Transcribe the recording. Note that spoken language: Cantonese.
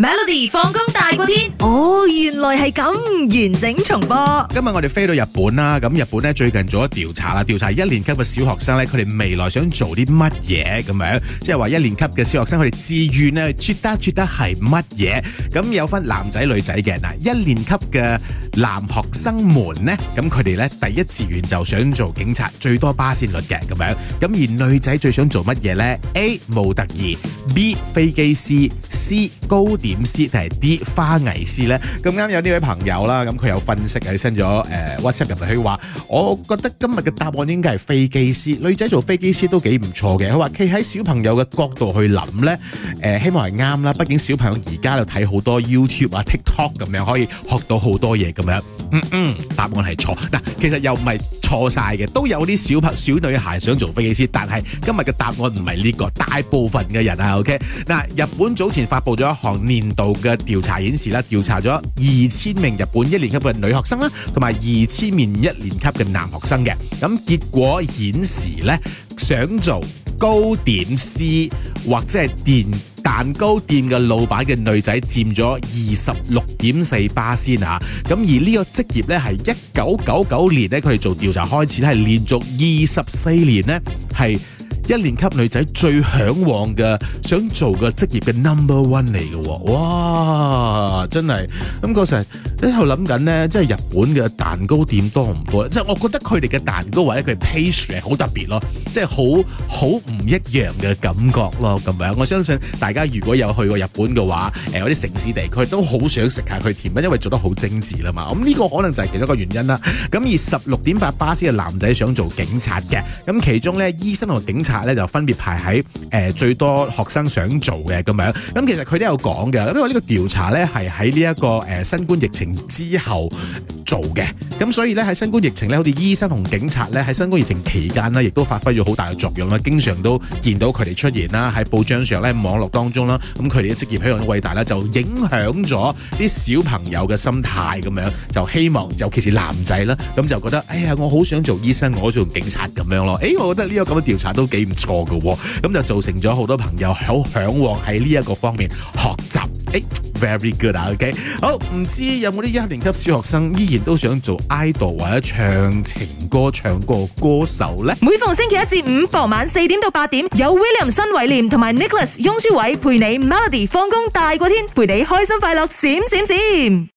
Melody 放工大過天，哦，原來係咁，完整重播。今日我哋飛到日本啦，咁日本呢，最近做咗調查啦，調查一年級嘅小學生呢，佢哋未來想做啲乜嘢咁樣，即係話一年級嘅小學生，佢哋志願咧 choose 得 choose 得係乜嘢？咁有分男仔女仔嘅嗱，一年級嘅。男學生們呢，咁佢哋呢，第一志願就想做警察，最多巴線率嘅咁樣。咁而女仔最想做乜嘢呢？a 模特兒 b 飛機師，C 糕點師定係 D 花藝師呢？咁啱有呢位朋友啦，咁佢有分析 send 咗 WhatsApp 入去話，我覺得今日嘅答案應該係飛機師。女仔做飛機師都幾唔錯嘅。佢話企喺小朋友嘅角度去諗呢，呃，希望係啱啦。畢竟小朋友而家就睇好多 YouTube 啊、TikTok 咁樣，可以學到好多嘢咁嗯嗯，答案係錯。嗱，其實又唔係錯晒嘅，都有啲小朋小女孩想做飛機師，但係今日嘅答案唔係呢個。大部分嘅人啊，OK。嗱，日本早前發佈咗一項年度嘅調查顯示啦，調查咗二千名日本一年級嘅女學生啦，同埋二千名一年級嘅男學生嘅。咁結果顯示呢，想做糕點師或者係電。蛋糕店嘅老闆嘅女仔佔咗二十六點四巴仙啊，咁而呢個職業呢係一九九九年呢佢哋做調查開始呢係連續二十四年呢係一年級女仔最向往嘅想做嘅職業嘅 number one 嚟嘅，哇，真係，咁嗰時。喺度諗緊呢，即係日本嘅蛋糕店多唔多？即係我覺得佢哋嘅蛋糕或者佢嘅 pastry 係好特別咯，即係好好唔一樣嘅感覺咯，咁樣我相信大家如果有去過日本嘅話，誒有啲城市地區都好想食下佢甜品，因為做得好精緻啦嘛。咁呢個可能就係其中一個原因啦。咁而十六點八巴士嘅男仔想做警察嘅，咁其中呢醫生同警察呢就分別排喺、呃、最多學生想做嘅咁樣。咁其實佢都有講嘅，因為呢個調查呢係喺呢一個、呃、新冠疫情，之後做嘅，咁所以呢，喺新冠疫情呢，好似醫生同警察呢，喺新冠疫情期間呢，亦都發揮咗好大嘅作用啦。經常都見到佢哋出現啦，喺報章上咧、網絡當中啦，咁佢哋嘅職業非常之偉大啦，就影響咗啲小朋友嘅心態咁樣，就希望尤其是男仔啦，咁就覺得，哎呀，我好想做醫生，我好似同警察咁樣咯。誒、欸，我覺得呢、這個咁嘅調查都幾唔錯㗎，咁就造成咗好多朋友好向往喺呢一個方面學習。誒、hey,，very good 啊，OK，好，唔知有冇啲一,一年級小學生依然都想做 idol 或者唱情歌、唱歌歌手呢？每逢星期一至五傍晚四點到八點，有 William 新偉廉同埋 Nicholas 雍書偉陪你 Melody 放工大過天，陪你開心快樂閃閃閃。閃閃閃。